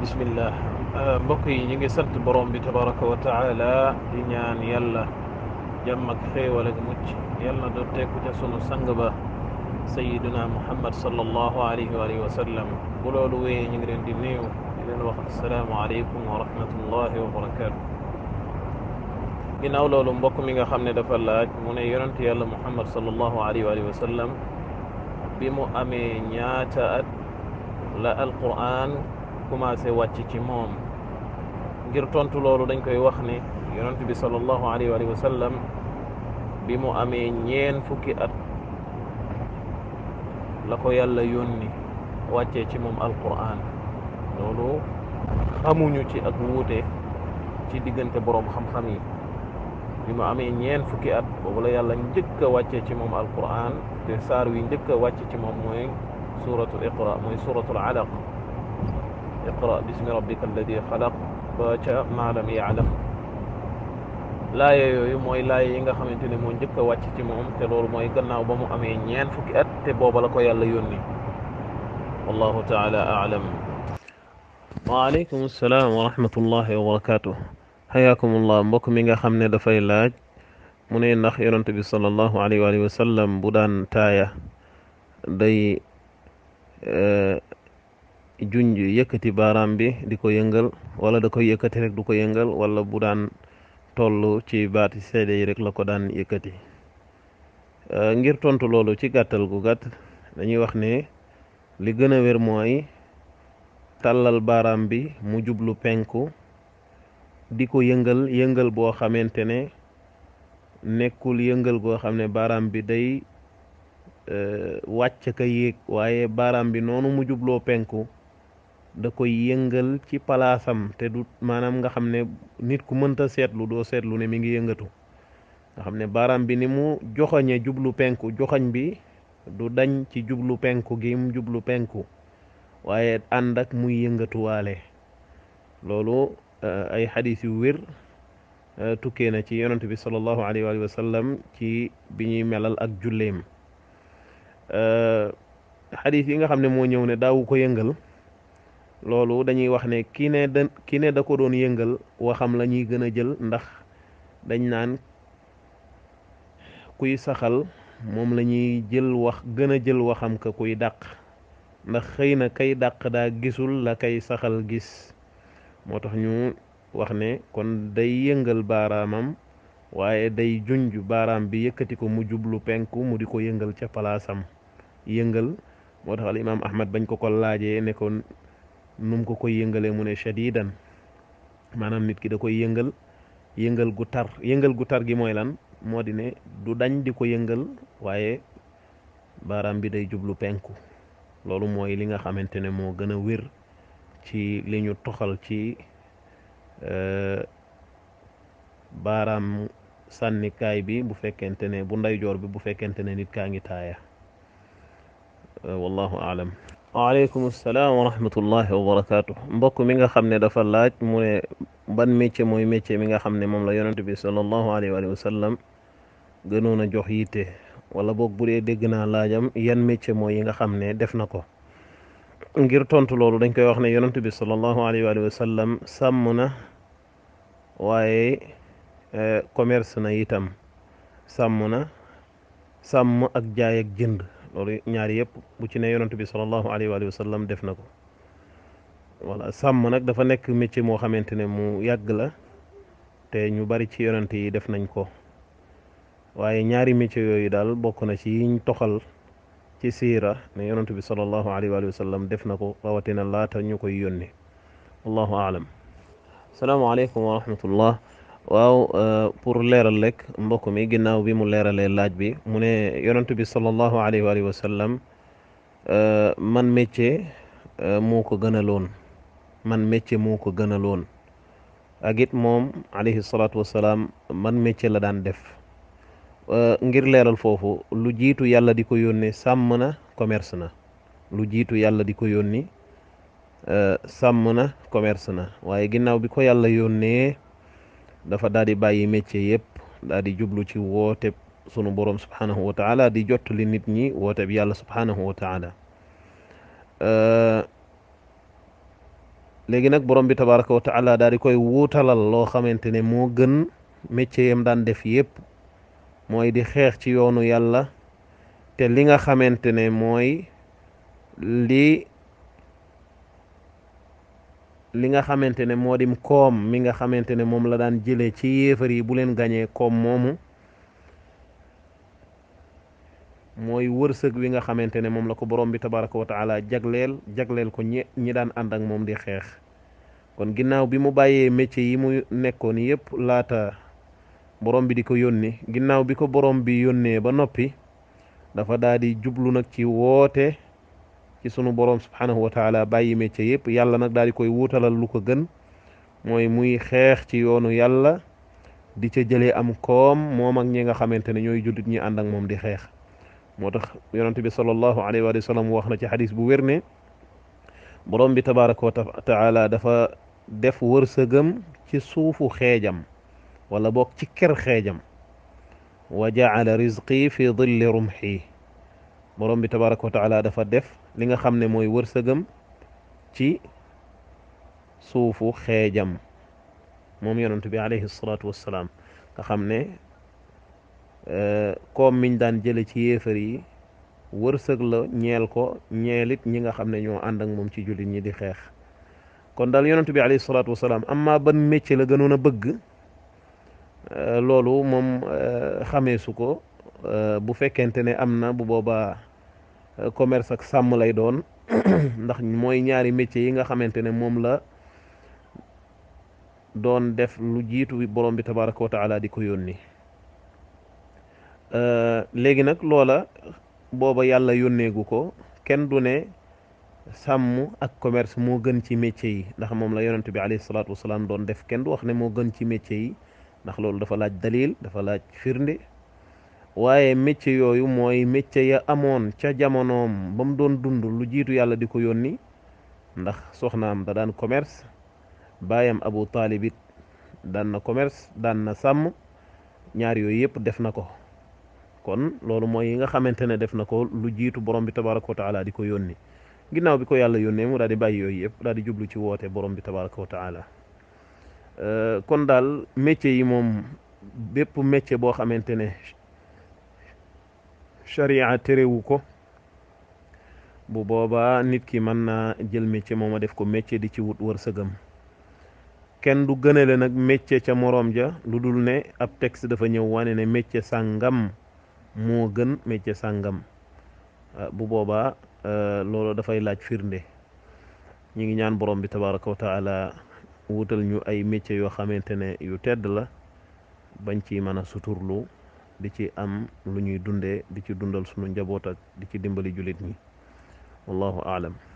بسم الله بقي نيغي سنت بروم بي تبارك وتعالى دي نيان يالا جامك خي ولا موتش يالا دو تيكو جا سونو سانغبا سيدنا محمد صلى الله عليه واله وسلم بولولو وي نيغي رين دي نيو لين السلام عليكم ورحمه الله وبركاته ginaaw loolu mbokk mi nga xam ne dafa laaj mu ne yonent yàlla muhammad salallahu alayhi wa sallam bi mu amee ñaata at la alquran commencé wàcc ci moom ngir tontu loolu dañ koy wax ne yonent bi sallallahu alayhi wa sallam bi mu amee ñeen fukki at la ko yàlla yónni wàccee ci moom alquran loolu xamuñu ci ak wuute ci diggante borom xam bi mo amee ñeen fukki at boobu la yàlla njëkk a wàccee ci moom alquran te saar wi njëkk a wàcce ci moom mooy suratul iqra mooy suratul alaq اقرأ باسم ربك الذي خلق باتا ما لم يعلم لا يوم ولا ييغا خامتيني مو نجيك واتي تي موم تي لول موي غناو بامو امي نين فوكي ات تي يوني والله تعالى اعلم وعليكم السلام ورحمه الله وبركاته حياكم الله مبوك ميغا خامني دا فاي لاج موني ناخ يونتبي صلى الله عليه وسلم بودان تايا داي آه، junj yëkkati baaraam bi di ko yëngal wala da ko yëkkati rek du ko yëngal wala bu daan toll ci baati seede yi rek la ko daan yëkkati euh, ngir tontu loolu ci gàttal gu gàtt dañuy wax ne li gën a wér mooy tàllal baaraam bi mu jublu penku di ko yëngal yëngal boo xamante ne nekkul yëngal goo xam ne baaraam bi day euh, wàcc ka yéeg waaye baaraam bi noonu mu jubloo penku da koy yëngal ci palaasam te du maanaam nga xam ne nit ku mënta seetlu doo seetlu ne mi ngi yëngatu nga xam ne baaraam bi ni mu jublu penku joxoñ bi du dañ ci jublu penku gi mu jublu penku waaye ànd ak muy waale loolu eh, ay xadis yu wér eh, tukkee na ci yonent bi salallahu alayhi wa sallam ci bi ñuy melal ak julleem eh, xadis yi nga xam ne moo ñëw ne daawu ko yëngal loolu dañuy wax ne ki ne da ki ne da ko doon yëngal waxam la ñuy gën a jël ndax dañ naan kuy saxal moom la ñuy jël wax gën a jël waxam ka kuy dàq ndax xëy na kay dàq daa gisul la kay saxal gis moo tax ñu wax ne kon day yëngal baaraamam waaye day junj baaraam bi yëkkati ko mu jublu penk mu di ko yëngal ca palaasam yëngal moo tax al imaam Ahmad bañ ko ko laajee ne ko num ko koy yëngalee mu ne shadidan manam nit ki da koy yëngal yëngal gu tar yëngal gu tar gi moy lan modi ne du dañ di ko yëngal waye baram bi day jublu penku lalu moy li nga xamantene mo gëna wër ci liñu toxal ci euh, sanni kay bi bu fekkente bu nday jor bi bu fekkente nit ka ngi taya euh, wallahu a'lam waaleykum salaam wa rahmatullahi wa barakaatu mbokk mi nga xam ne dafa laaj mu ne ban métier mooy métier mi nga xam ne moom la tu bi sallallahu alayhi wa sallam gënoon a jox yitte wala boog bu dee dégg naa laajam yan métier mooy yi nga xam ne def na ko ngir tontu loolu dañ koy wax ne yonent bi sallallahu alayhi wa sallam sàmm na waaye eh, commerce na itam sàmm na sàmm ak jaay ak jënd. loolu ñaari yëpp bu ci ne yonent bi sallallahu alayhi wa sallam def na ko voilà sàmm nag dafa nekk métier moo xamante ne mu yàgg la te ñu bari ci yonent yi def nañ ko waaye ñaari métier yooyu daal bokk na ci yiñ toxal ci siira ne yonent bi sallallahu alayhi wa salam def na ko rawatina laata ñu koy yónni wallahu aalam salaamaaleykum wa rahmatullah waaw euh, pour leeral rek mbokk mi ginnaaw bi mu leeralee laaj bi mu ne yonent bi sallallahu alayhi wa sallam euh, man métier euh, mu ko gënaloon man métier moo ko gënaloon ak it moom alayhi salaatu wa salaam man métier la daan def ngir leeral foofu lu jiitu yàlla di ko yónni sàmm na commerce na lu jiitu yàlla di ko yónni sàmm na commerce na waaye ginnaaw bi ko yàlla yónnee. dafa daal di bàyyi métier yëpp daal di jublu ci woote sunu borom subhaanahu wa taala di jottali nit ñi woote bi yàlla subhaanahu wa taala léegi nag borom bi tabaraka wa taala daal di koy wuutalal loo xamante ne moo gën métier yam daan def yëpp mooy di xeex ci yoonu yàlla te li nga xamante ne mooy li li nga xamante ne moo dim koom mi nga xamante ne moom la daan jëlee ci yéefar yi bu leen gañee koom moomu mooy wërsëg wi nga xamante ne moom la ko borom bi tabaraka wa taala jagleel jagleel ko ñi ñi daan ànd ak moom di xeex kon ginnaaw bi mu bàyyee métier yi mu nekkoon yépp laata boroom bi di ko yónni ginnaaw bi ko borom bi yónnee ba noppi dafa daal di jublu nag ci woote ci sunu borom subhanahu wa taala bàyyi métier yëpp yàlla nag daal di koy wuutalal lu ko gën mooy muy xeex ci yoonu yàlla di ca jëlee am koom moom ak ñi nga xamante ne ñooy jullit ñi ànd ak moom di xeex moo tax yonent bi sallallahu alayhi wa sallam wax na ci xadis bu wérne ne borom bi tabaraka wa taala dafa def wërsëgam ci suufu xeejam walla boog ci kër xeejam wa jaala rizqi fi dilli rumxi borom bi tabaraka wa taala dafa def li nga xam ne mooy wërsëgam ci suufu xeejam moom yonent bi alayhi salaatu wassalaam nga xam ne eh, koom miñ daan jële ci yéefar yi wërsëg la ñeel ko ñeelit ñi nga xam ne ñoo ànd ak moom ci jullit ñi di xeex kon daal yonent bi alayhi salaatu wassalaam amma ban métier la gënoon a bëgg eh, loolu moom eh, xamee su ko Euh, bu fekkente ne am na bu boobaa euh, commerce ak sàmm lay doon ndax mooy ñaari métier yi nga xamante ne moom la doon def lu jiitu borom bi tabaraka wa taala di ko yónni euh, léegi nag loola booba yàlla yónneegu ko kenn du ne sàmm ak commerce moo gën ci métier yi ndax moom la yonent bi alayhi salaatu wasalaam doon def kenn du wax ne moo gën ci métier yi ndax loolu dafa laaj dalil dafa laaj firnde waaye mécce yooyu mooy mécce ya amoon ca jamonoom ba mu doon dund lu jiitu yàlla di ko yónni ndax soxnaam da daan commerce bàyyam abu taalibit daan na commerce daan na sàmm ñaar yooyu yépp def na ko kon loolu mooy yi nga xamante ne def na ko lu jiitu borom bi tabaraka wa taala di ko yónni ginnaaw bi ko yàlla yónnee mu daal di bàyyi yooyu yëpp daal di jublu ci woote borom bi tabaraka wa taala kon daal métier yi moom bépp métier boo xamante ne sharia terewu ko bu boobaa nit ki mën naa jël métier mooma def ko métier di ci wut wërsëgam kenn du gënale nag métier ca moroom ja lu dul ne ab tex dafa ñëw wane ne métier sangam moo gën métier sangam ah, bu boobaa ah, loolu dafay laaj firnde ñu ngi ñaan borom bi tabaraka wa taala wutal ñu ay métier yoo xamante ne yu tedd la bañ ci mën a suturlu di ci am lu ñuy dundee di ci dundal sunu njabootak di ci dimbali julit ñi wallahu aalam